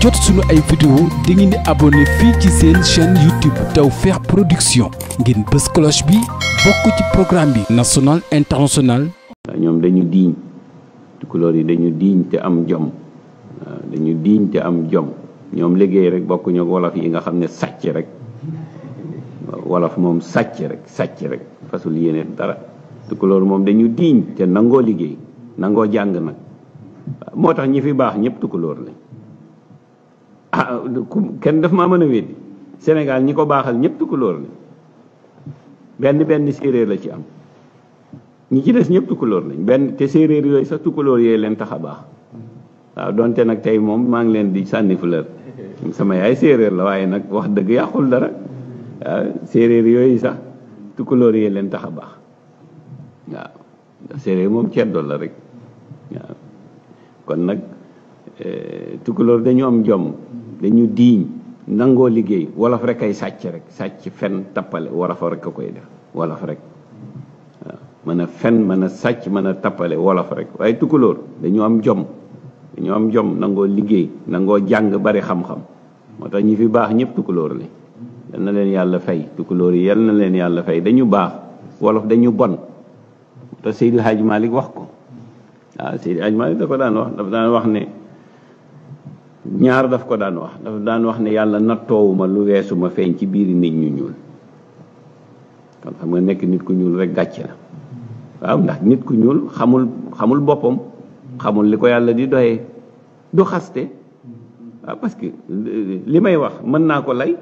jot suñu ay vidéo da ngeen di abonné fii ci seen chaîne YouTube Tawfekh Production ngeen bës cloche bi bokk ci programme bi national international ñoom dañu diiñ tukulóor yi dañu diiñ te am jom dañu diiñ te am jom ñoom liggéey rek bokk ñoo wolof yi nga xam ne sàcc rek wolof moom sàcc rek sàcc rek fasul yéene dara tukulóor moom dañu diiñ te nangoo liggéey nangoo jàng nag moo tax ñi fi baax ñëpp tukulóor lañ ah kenn daf maa mën a weddi Sénégal ñi ko baaxal ñëpp tukulóor la benn benn séeréer la ci am ñi ci des ñëpp tukulóor lañ benn te séeréer yooyu sax tukulóor yee leen tax a baax waaw donte nag tey moom maa ngi leen di sànni fleur sama yaay séeréer la waaye nag wax dëgg yàqul dara séeréer yooyu sax tukulóor yooyu leen tax a baax waaw ndax séeréer moom ceddo la rek waaw kon nag tukulóor eh, dañu am jomm dañu diiñ nangoo liggéey wolof rek ay sàcc rek sàcc fen tappale wolof rek a koy def wolof rek mën a fen mën a sàcc mën a tappale wolof rek waaye tukulóor dañu am jom dañu am jom nangoo liggéey nangoo jàng bari xam-xam moo tax ñi fi baax ñëpp tukulóor lañ yal na leen yàlla fay tukulóor yi yal na leen yàlla fay dañu baax wolof dañu bon te Seydi Hadj Malick wax ko waaw Seydi Hadj Malick da ko daan wax dafa daan wax ne ñaar daf ko daan wax daf daan wax ne yàlla nattoowuma lu weesu ma feeñ ci biiri nit ñu ñuul kon xam nga nekk nit ku ñuul rek gàcce la waaw ndax nit ku ñuul xamul xamul boppam xamul li ko yàlla di doyee du xaste waaw parce que li may wax mën naa ko lay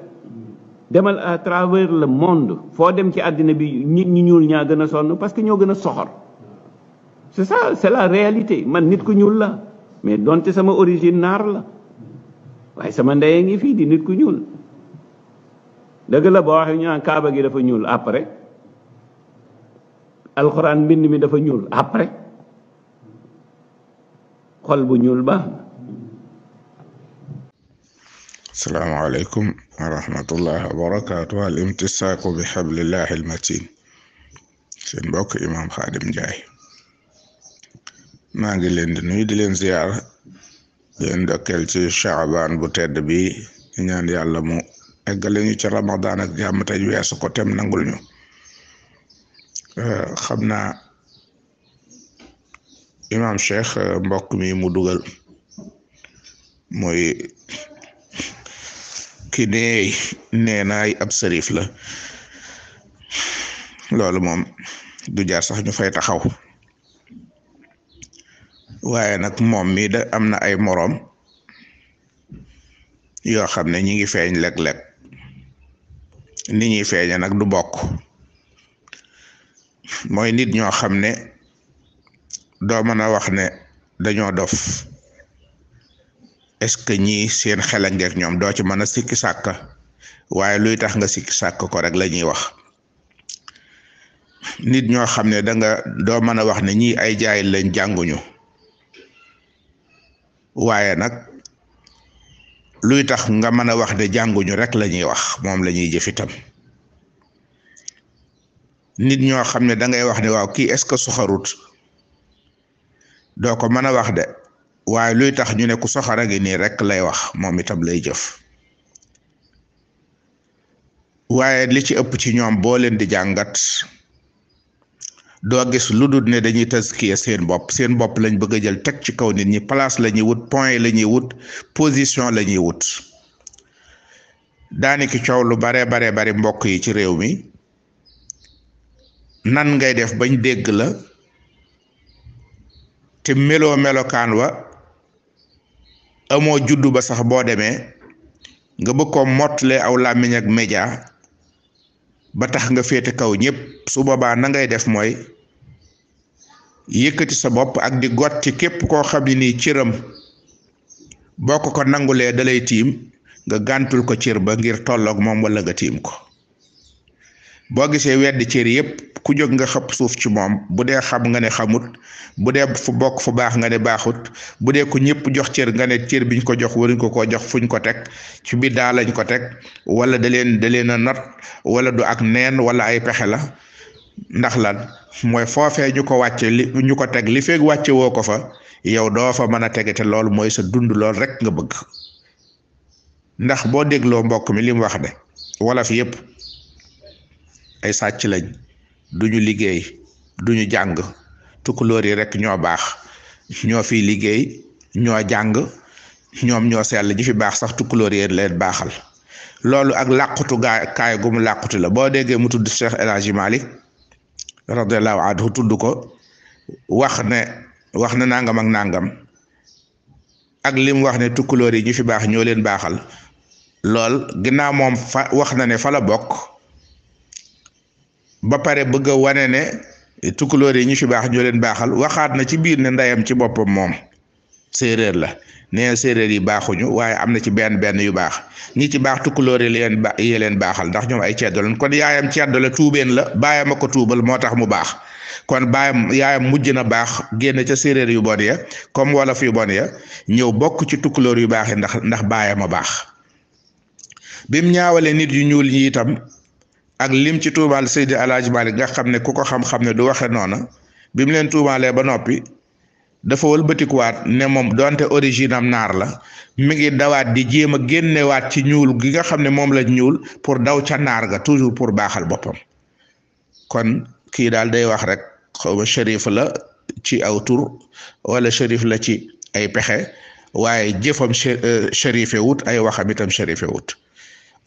demal à travers le monde foo dem ci àddina bi nit ñi ñuul ñaa gën a sonn parce que ñoo gën a soxor c'est ça la réalité man nit ku ñuul la mais donte sama origine naar la waaye sama ndey ngi fii di nit ku ñuul dëgg la boo waxee ñu naan kaaba gi dafa ñuul après alxuraan mbind mi dafa ñuul après xol bu ñuul ba na. asalaamaaleykum wa rahmatullah wa barakaatu al imtisaaku bi xablillahi almatin seen mbokk imaam Xaadim Njaay maa ngi leen di nuyu di leen ziyaara leen ci chaabaan bu tedd bi ñu ñaan yàlla mu eggale ñu ci ramadan ak jàmm tey weesu ko tem nangul ñu euh, xam naa imaam cheikh euh, mbokk mi mu dugal mooy ki neey nee naay ab sërif la loolu moom du jaar sax ñu fay taxaw waaye nag moom mii da am na ay moroom yoo xam ne ñi ngi feeñ léeg lekk ni ñuy feeñe nag du bokk mooy nit ñoo xam ne doo mën a wax ne dañoo dof est ce que ñii seen xel ñoom doo ci mën a sikki sàkk waaye luy tax nga sikki sàkk ko rek la ñuy wax nit ñoo xam ne danga nga doo mën a wax ne ñii ay jaay lañ jànguñu waaye nag luy tax nga mën a wax de jànguñu rek lañuy wax moom lañuy ñuy jëf itam nit ñoo xam ne dangay wax ne waaw kii est-ce que soxarut doo ko mën a wax de waaye luy tax ñu ne ku soxara ngi nii rek lay wax moom itam lay jëf waaye li ci ëpp ci ñoom boo leen di jàngat doo gis lu dul ne dañuy taskiya seen bopp seen bopp lañ bëgg a jël teg ci kaw nit ñi place la ñuy wut point la ñuy wut position la ñuy wut daaniki coow lu bare bare bari mbokk yi ci réew mi nan ngay def bañ dégg la te melo melokaan wa amoo juddu ba sax boo demee nga bëgg koo mottalee aw làmmiñ ak média ba tax nga féete kaw ñëpp su boobaa na ngay def mooy yëkkati sa bopp ak di got ci képp koo xam ne nii cëram boo ko ko nangulee dalay tiim nga gàntul ko cër ba ngir tolloog moom wala nga tiim ko boo gisee weddi cër yëpp ku jóg nga xëpp suuf ci moom bu dee xam nga ne xamut bu dee fu bokk fu baax nga ne baaxut bu dee ku ñëpp jox cër nga ne cër biñ ko jox waruñ ko koo jox fuñ ko teg ci biddaa lañ ko teg wala da da leen a not wala du ak neen wala ay pexe la ndax lan mooy foofee ñu ko wàcce ñu ko teg li feeg wàcce woo ko fa yow doo fa mën a tege te loolu mooy sa dund lool rek nga bëgg ndax boo dégloo mbokk mi li mu wax de wolof ay sàcc lañ duñu liggéey duñu jàng tukulóor yi rek ñoo baax ñoo fi liggéey ñoo jàng ñoom ñoo sell ñu fi baax sax tukulóor yi leen baaxal loolu ak làqutu gaa kaay gu mu làqutu la boo déggee mu tudd Cheikh El Hadji Malick radiallahu anhu tudd ko wax ne wax na nangam ak nangam ak lim wax ne tukulóor yi ñu fi baax ñoo leen baaxal lool ginnaaw moom fa wax na ne fa la bokk ba pare bëgg a wane ne tukulóor yi ñu fi baax ñoo leen baaxal waxaat na ci biir ne ndeyam ci boppam moom séeréer la nee séeréer yi baaxuñu waaye am na ci benn benn yu baax ñi ci baax tukulóor yi leen leen baaxal ndax ñoom ay ceddo lañ kon yaayam ceddo la tuubeen la baayam a ko tuubal moo tax mu baax kon baayam yaayam mujj na baax génn ca séeréer yu bon ya comme wolof yu bon ya ñëw bokk ci tukulóor yu baax yi ndax ndax baayam a baax bim ñaawale nit yu ñuul ñi itam ak lim ci tuumaal Seydi Alaaji Maalik nga xam ne ku ko xam-xam ne du waxe noona bi mu leen tuumaalee ba noppi dafa wëlbatikuwaat ne moom donte origine am naar la mi ngi dawaat di jéem a génnewaat ci ñuul gi nga xam ne moom la ñuul pour daw ca naar ga toujours pour baaxal boppam kon kii daal day wax rek xaw ma shérif la ci aw tur wala shérif la ci ay pexe waaye jëfam euh, shérifé wut ay waxam itam shérifé wut